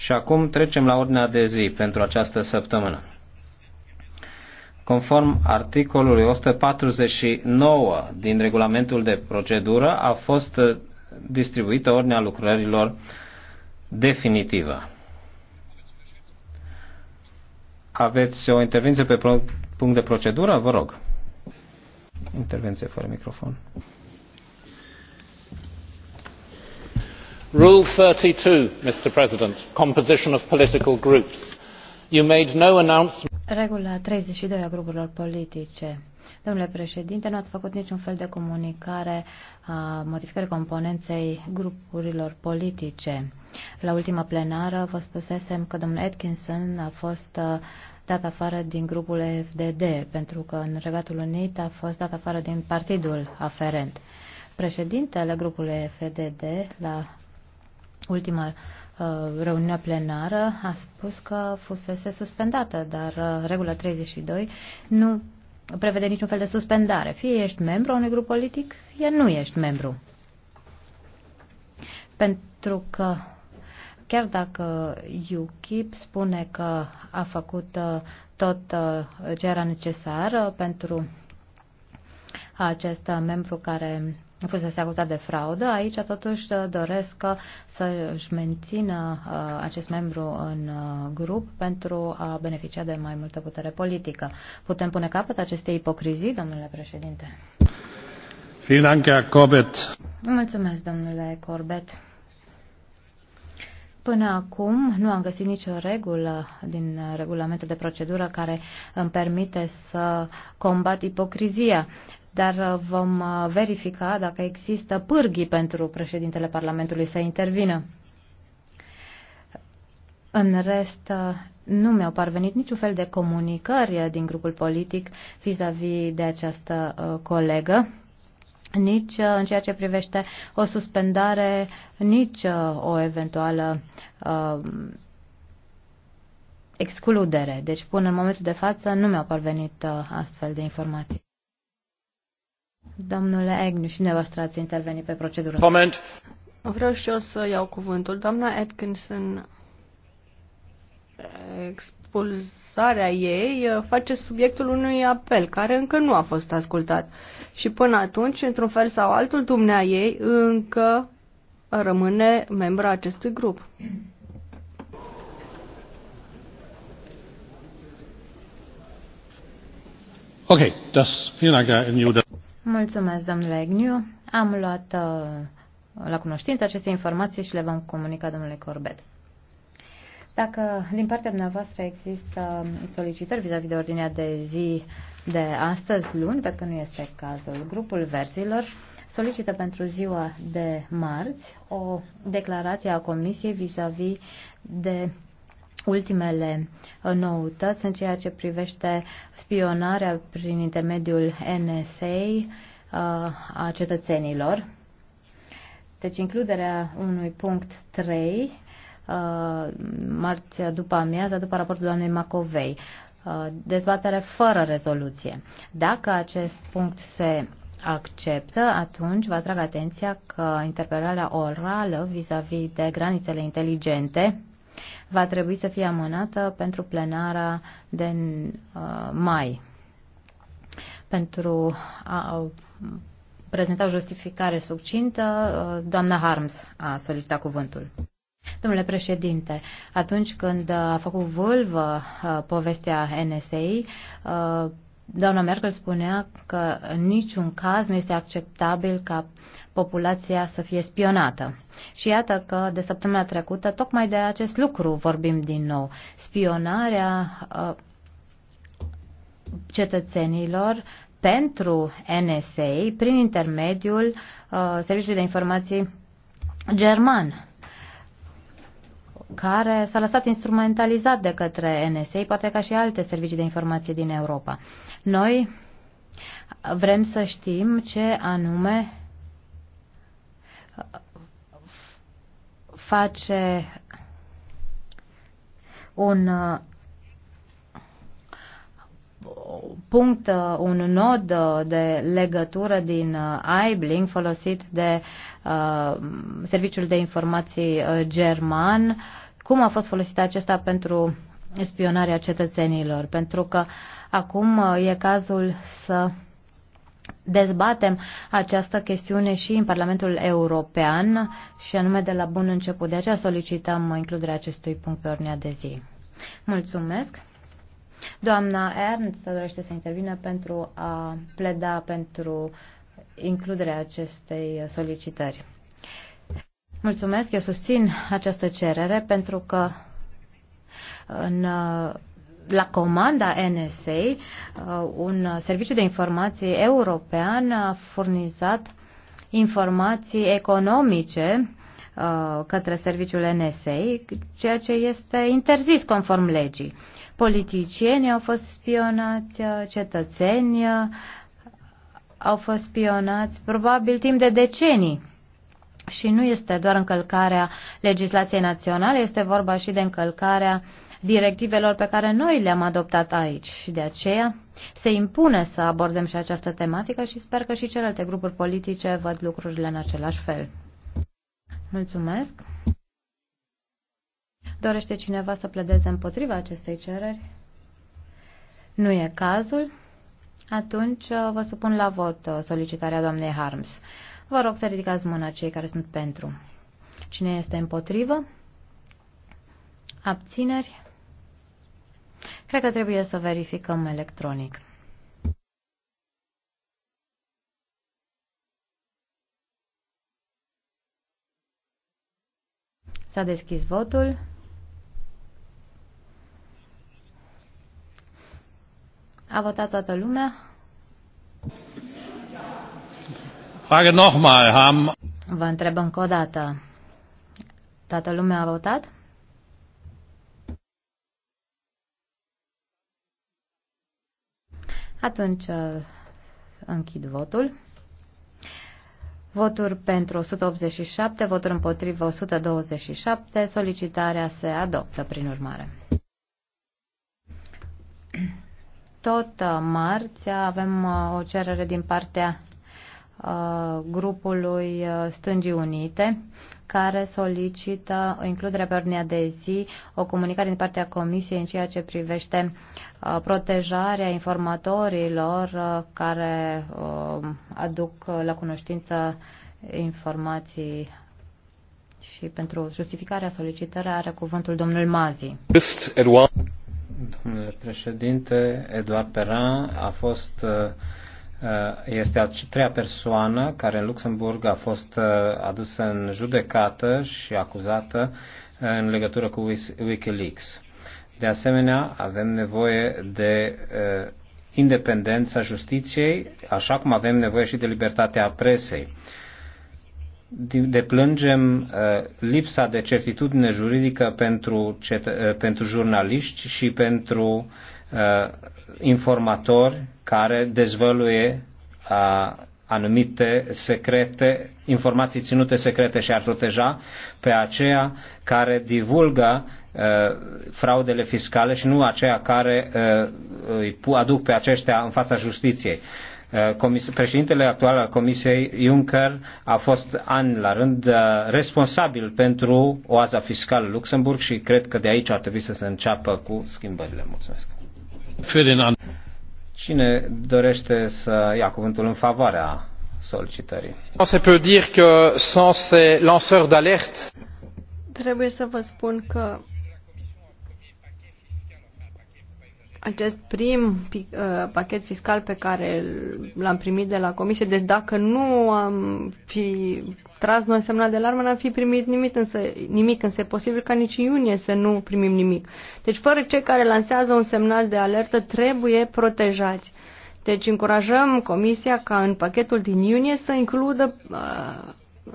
Și acum trecem la ordinea de zi pentru această săptămână. Conform articolului 149 din regulamentul de procedură, a fost distribuită ordinea lucrărilor definitivă. Aveți o intervenție pe punct de procedură? Vă rog. Intervenție fără microfon. rule thirty two mr president composition of political groups you made no announcement. regula treizeci și doi a grupurilor politice Domnule președinte, nu ați făcut niciun fel de comunicare a modificării componenței grupurilor politice. La ultima plenară vă spusesem că domnul Atkinson a fost uh, dat afară din grupul FDD, pentru că în Regatul Unit a fost dat afară din partidul aferent. Președintele grupului FDD la ultima uh, reuniunea plenară a spus că fusese suspendată, dar uh, regula 32 nu prevede niciun fel de suspendare. Fie ești membru a unui grup politic, fie nu ești membru. Pentru că chiar dacă UKIP spune că a făcut uh, tot ce era necesar pentru acest membru care fusese acuzat de fraudă. Aici totuși doresc să-și mențină uh, acest membru în uh, grup pentru a beneficia de mai multă putere politică. Putem pune capăt acestei ipocrizii, domnule președinte? Mulțumesc, domnule Corbett. Până acum nu am găsit nicio regulă din regulamentul de procedură care îmi permite să combat ipocrizia, dar uh, vom uh, verifica dacă există pârghii pentru președintele Parlamentului să intervină. În rest, uh, nu mi-au parvenit niciun fel de comunicări din grupul politic vis-a-vis -vis de această colegă nici uh, în ceea ce privește o suspendare, nici uh, o eventuală uh, excludere. Deci, până în momentul de față, nu mi-au parvenit uh, astfel de informații. Domnule Agnew, și dumneavoastră ați intervenit pe procedură. Comment? Vreau și eu să iau cuvântul. Doamna Atkinson, expulzarea ei uh, face subiectul unui apel care încă nu a fost ascultat. Și până atunci, într-un fel sau altul, dumnea ei încă rămâne membra acestui grup. Ok, das, Mulțumesc, domnule Agnew. Am luat uh, la cunoștință aceste informații și le vom comunica domnului Corbet. Dacă din partea dumneavoastră există solicitări vis-a-vis -vis de ordinea de zi de astăzi, luni, pentru că nu este cazul, grupul versilor solicită pentru ziua de marți o declarație a Comisiei vis-a-vis -vis de ultimele noutăți în ceea ce privește spionarea prin intermediul NSA uh, a cetățenilor. Deci includerea unui punct 3 Uh, marți după amiază, după raportul doamnei Macovei. Uh, dezbatere fără rezoluție. Dacă acest punct se acceptă, atunci vă atrag atenția că interpelarea orală vis-a-vis -vis de granițele inteligente va trebui să fie amânată pentru plenara de uh, mai. Pentru a prezenta o justificare succintă, doamna Harms a solicitat cuvântul. Domnule președinte, atunci când uh, a făcut vâlvă uh, povestea NSA, uh, doamna Merkel spunea că în niciun caz nu este acceptabil ca populația să fie spionată. Și iată că de săptămâna trecută tocmai de acest lucru vorbim din nou. Spionarea cetățenilor pentru NSA prin intermediul uh, Serviciului de Informații German care s-a lăsat instrumentalizat de către NSA, poate ca și alte servicii de informație din Europa. Noi vrem să știm ce anume uh, face un uh, punct, uh, un nod uh, de legătură din uh, Aibling folosit de uh, Serviciul de Informații German. Cum a fost folosit acesta pentru spionarea cetățenilor? Pentru că acum e cazul să dezbatem această chestiune și în Parlamentul European și anume de la bun început. De aceea solicităm includerea acestui punct pe ordinea de zi. Mulțumesc! Doamna Ernst dorește să intervină pentru a pleda pentru includerea acestei solicitări. Mulțumesc, eu susțin această cerere pentru că în, la comanda NSA, uh, un serviciu de informații european a furnizat informații economice uh, către serviciul NSA, ceea ce este interzis conform legii politicieni au fost spionați, uh, cetățeni uh, au fost spionați, probabil timp de decenii. Și nu este doar încălcarea legislației naționale, este vorba și de încălcarea directivelor pe care noi le-am adoptat aici. Și de aceea se impune să abordăm și această tematică și sper că și celelalte grupuri politice văd lucrurile în același fel. Mulțumesc! Dorește cineva să pledeze împotriva acestei cereri? Nu e cazul. Atunci uh, vă supun la vot uh, solicitarea doamnei Harms. Vă rog să ridicați mâna cei care sunt pentru. Cine este împotrivă? Abțineri? Cred că trebuie să verificăm electronic. S-a deschis votul. A votat toată lumea? Frage nochmal, ham... Vă întreb încă o dată. Toată lumea a votat? Atunci uh, închid votul. Voturi pentru 187, voturi împotrivă 127, solicitarea se adoptă prin urmare. Tot uh, marți avem uh, o cerere din partea uh, grupului Stângii Unite, care solicită includerea pe ordinea de zi o comunicare din partea Comisiei în ceea ce privește protejarea informatorilor care aduc la cunoștință informații și pentru justificarea solicitării are cuvântul domnul Mazi. Domnule președinte, Eduard Perrin a fost uh, este a treia persoană care în Luxemburg a fost uh, adusă în judecată și acuzată uh, în legătură cu Wikileaks. De asemenea, avem nevoie de independența justiției, așa cum avem nevoie și de libertatea presei deplângem uh, lipsa de certitudine juridică pentru, uh, pentru jurnaliști și pentru uh, informatori care dezvăluie anumite secrete, informații ținute secrete și ar proteja pe aceea care divulgă uh, fraudele fiscale și nu aceea care uh, îi aduc pe aceștia în fața justiției. Eh, președintele actual al Comisiei Juncker a fost an la rând eh, responsabil pentru oaza fiscală Luxemburg și cred că de aici ar trebui să se înceapă cu schimbările. Mulțumesc. Ferdinand. Cine dorește să ia cuvântul în favoarea solicitării? On se peut dire que sans ces lanceurs d'alerte Trebuie să vă spun că acest prim uh, pachet fiscal pe care l-am primit de la Comisie, deci dacă nu am fi tras noi semnal de alarmă, n-am fi primit nimic, însă, nimic, însă e posibil ca nici iunie să nu primim nimic. Deci fără cei care lansează un semnal de alertă trebuie protejați. Deci încurajăm Comisia ca în pachetul din iunie să includă uh,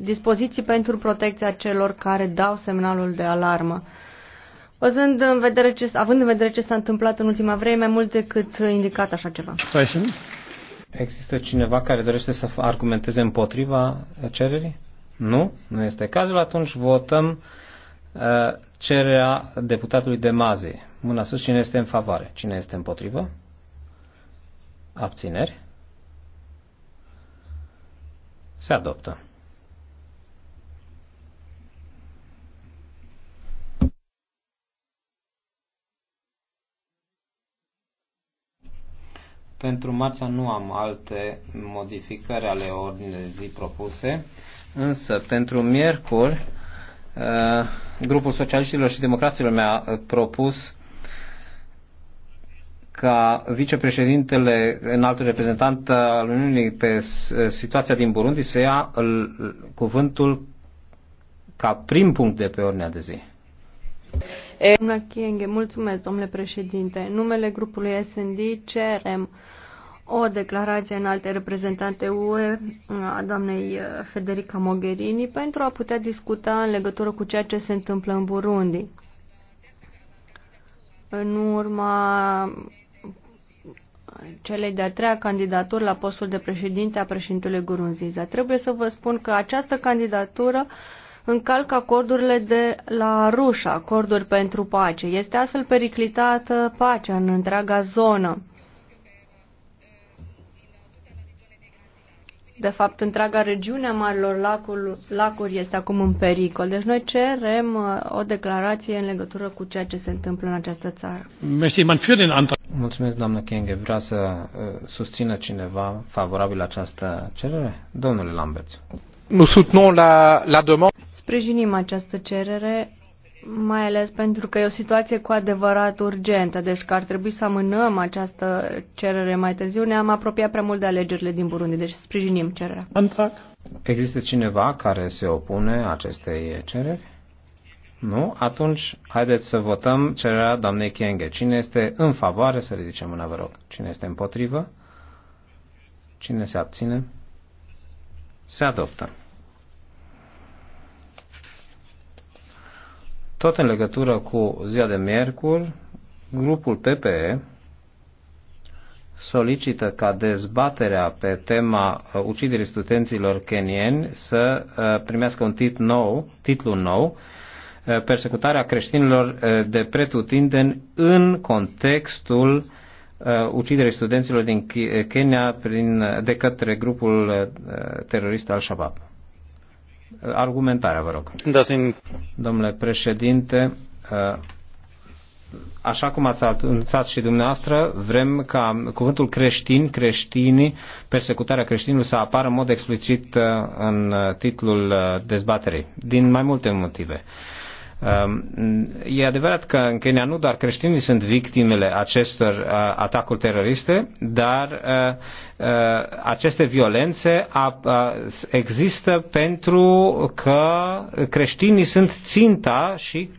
dispoziții pentru protecția celor care dau semnalul de alarmă. Văzând în vedere ce, având în vedere ce s-a întâmplat în ultima vreme, mult decât indicat așa ceva. Există cineva care dorește să argumenteze împotriva cererii? Nu? Nu este cazul. Atunci votăm uh, cererea deputatului de Mazi. Mâna sus, cine este în favoare? Cine este împotrivă? Abțineri? Se adoptă. Pentru marța nu am alte modificări ale ordinii de zi propuse, însă pentru miercuri uh, grupul socialiștilor și democraților mi-a uh, propus ca vicepreședintele înaltul reprezentant al Uniunii pe uh, situația din Burundi să ia cuvântul ca prim punct de pe ordinea de zi. Doamna mulțumesc, domnule președinte. numele grupului SND cerem o declarație în alte reprezentante UE a doamnei uh, Federica Mogherini pentru a putea discuta în legătură cu ceea ce se întâmplă în Burundi. În urma celei de-a treia candidaturi la postul de președinte a președintelui Gurunziza. Trebuie să vă spun că această candidatură uh, încalcă acordurile de la Rușa, acorduri pentru pace. Este astfel periclitată pacea în întreaga zonă. De fapt, întreaga regiune a Marilor lacul, Lacuri este acum în pericol. Deci noi cerem uh, o declarație în legătură cu ceea ce se întâmplă în această țară. Mulțumesc, doamnă Kenge. Vrea să uh, susțină cineva favorabil această cerere? Domnule Lambert. Nous soutenons la, la demande. Sprijinim această cerere, mai ales pentru că e o situație cu adevărat urgentă, deci că ar trebui să amânăm această cerere mai târziu. Ne-am apropiat prea mult de alegerile din Burundi, deci sprijinim cererea. Antrac. Există cineva care se opune acestei cereri? Nu? Atunci, haideți să votăm cererea doamnei Kienge. Cine este în favoare, să ridice mâna, vă rog. Cine este împotrivă? Cine se abține? Se adoptă. Tot în legătură cu ziua de miercuri, grupul PPE solicită ca dezbaterea pe tema uh, uciderii studenților kenieni să uh, primească un titlu nou, titlu nou uh, persecutarea creștinilor de pretutindeni în contextul uh, uciderii studenților din eh, Kenya prin, eh, de către grupul eh, terorist Al-Shabaab. Argumentarea, vă rog. Da, Domnule președinte, așa cum ați anunțat și dumneavoastră, vrem ca cuvântul creștin, creștinii, persecutarea creștinilor să apară în mod explicit în titlul dezbaterei, din mai multe motive. Um, e adevărat că în Kenya nu doar creștinii sunt victimele acestor uh, atacuri teroriste, dar uh, uh, aceste violențe există pentru că creștinii sunt ținta și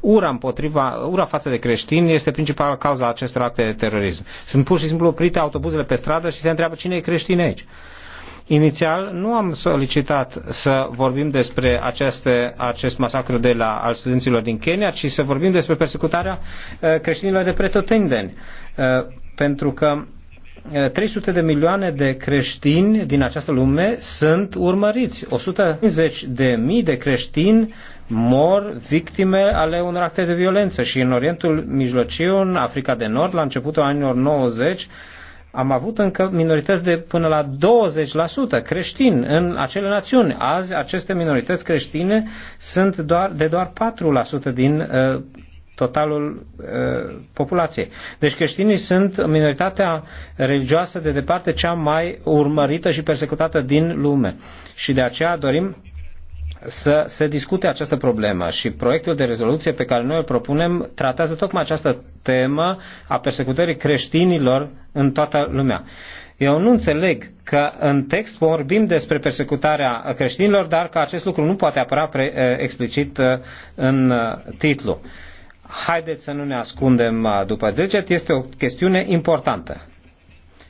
ura împotriva, ura față de creștini este principala cauza acestor acte de terorism. Sunt pur și simplu oprite autobuzele pe stradă și se întreabă cine e creștin aici. Uh, Inițial nu am solicitat să vorbim despre aceste, acest masacru de la al studenților din Kenya, ci să vorbim despre persecutarea uh, creștinilor de pretutindeni. Uh, pentru că 300 uh, de milioane de creștini din această lume sunt urmăriți. 150 de mii de creștini mor victime ale unor acte de violență și în Orientul Mijlociu, în Africa de Nord, la începutul anilor 90, am avut încă minorități de până la 20% creștini în acele națiuni. Azi aceste minorități creștine sunt doar, de doar 4% din uh, totalul uh, populației. Deci creștinii sunt minoritatea religioasă de departe cea mai urmărită și persecutată din lume. Și de aceea dorim să se discute această problemă și proiectul de rezoluție pe care noi îl propunem tratează tocmai această temă a persecutării creștinilor în toată lumea. Eu nu înțeleg că în text vorbim despre persecutarea creștinilor, dar că acest lucru nu poate apăra pre, eh, explicit eh, în eh, titlu. Haideți să nu ne ascundem după deget, este o chestiune importantă.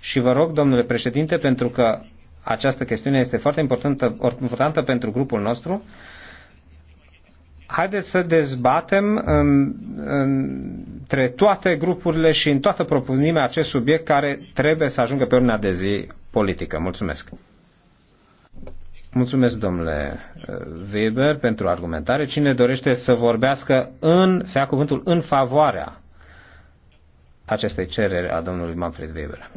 Și vă rog, domnule președinte, pentru că această chestiune este foarte importantă, importantă pentru grupul nostru. Haideți să dezbatem în, între toate grupurile și în toată propunimea acest subiect care trebuie să ajungă pe urmea de zi politică. Mulțumesc! Mulțumesc, domnule uh, Weber, pentru argumentare. Cine dorește să vorbească în, să ia cuvântul în favoarea acestei cereri a domnului Manfred Weber?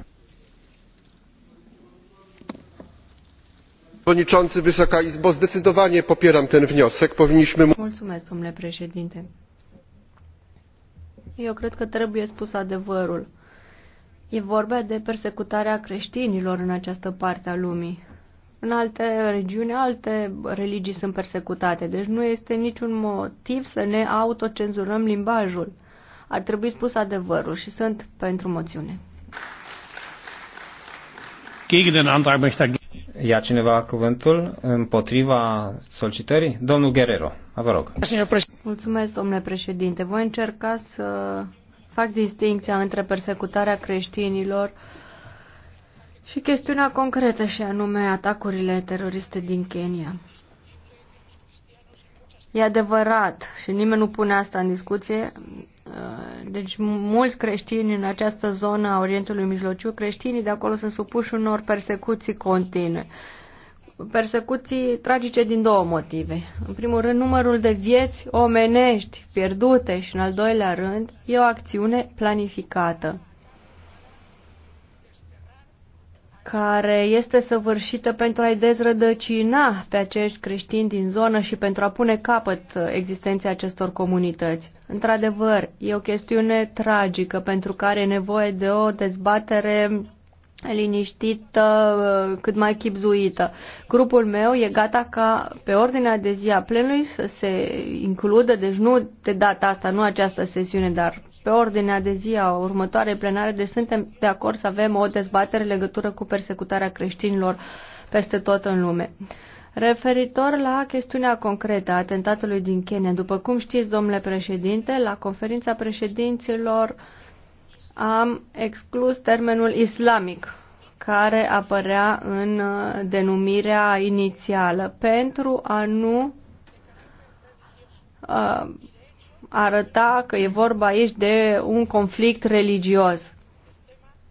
przewodniczący! wysoka izbo! zdecydowanie popieram ten wniosek. powinniśmy. domnule președinte eu cred că trebuie spus adevărul. E vorba de persecutarea creștinilor în această parte a lumii. În alte regiuni, alte religii sunt persecutate, deci nu este niciun motiv să ne autocenzurăm limbajul. Ar trebui spus adevărul și sunt pentru moțiune. Gegen den Antrag ia cineva cuvântul împotriva solicitării? Domnul Guerrero, vă rog. Mulțumesc, domnule președinte. Voi încerca să fac distinția între persecutarea creștinilor și chestiunea concretă și anume atacurile teroriste din Kenya. E adevărat și nimeni nu pune asta în discuție. Deci mulți creștini în această zonă a Orientului Mijlociu, creștinii de acolo sunt supuși unor persecuții continue. Persecuții tragice din două motive. În primul rând, numărul de vieți omenești pierdute și în al doilea rând, e o acțiune planificată. care este săvârșită pentru a-i dezrădăcina pe acești creștini din zonă și pentru a pune capăt existenței acestor comunități. Într-adevăr, e o chestiune tragică pentru care e nevoie de o dezbatere liniștită, cât mai chipzuită. Grupul meu e gata ca pe ordinea de zi a plenului să se includă, deci nu de data asta, nu această sesiune, dar pe ordinea de zi a următoarei plenare, deci suntem de acord să avem o dezbatere în legătură cu persecutarea creștinilor peste tot în lume. Referitor la chestiunea concretă a atentatului din Kenya, după cum știți, domnule președinte, la conferința președinților am exclus termenul islamic care apărea în uh, denumirea inițială pentru a nu uh, arăta că e vorba aici de un conflict religios.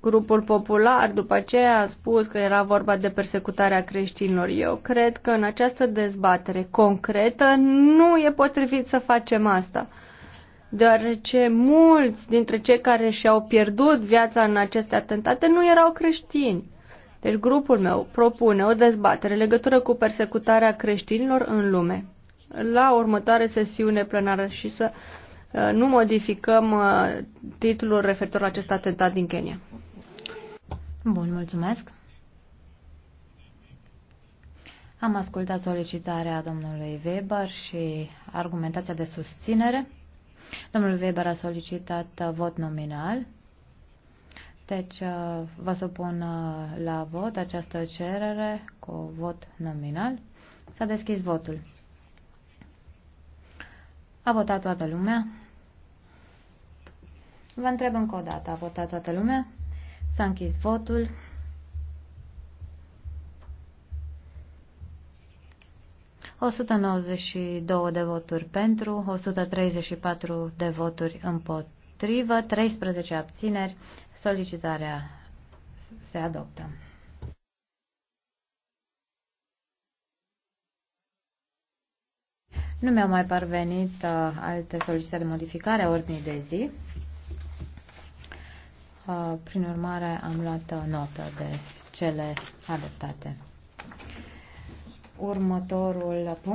Grupul popular după aceea a spus că era vorba de persecutarea creștinilor. Eu cred că în această dezbatere concretă nu e potrivit să facem asta deoarece mulți dintre cei care și-au pierdut viața în aceste atentate nu erau creștini. Deci grupul meu propune o dezbatere legătură cu persecutarea creștinilor în lume la următoare sesiune plenară și să uh, nu modificăm uh, titlul referitor la acest atentat din Kenya. Bun, mulțumesc. Am ascultat solicitarea domnului Weber și argumentația de susținere. Domnul Weber a solicitat uh, vot nominal. Deci vă supun la vot această cerere cu vot nominal. S-a deschis votul. A votat toată lumea? Vă întreb încă o dată, a votat toată lumea? S-a închis votul. ...192 de voturi pentru, 134 de voturi împotrivă, 13 abțineri. Solicitarea se adoptă. Nu mi-au mai parvenit uh, alte solicitări de modificare a ordinii de zi. Uh, prin urmare, am luat uh, notă de cele adoptate. Următorul punct.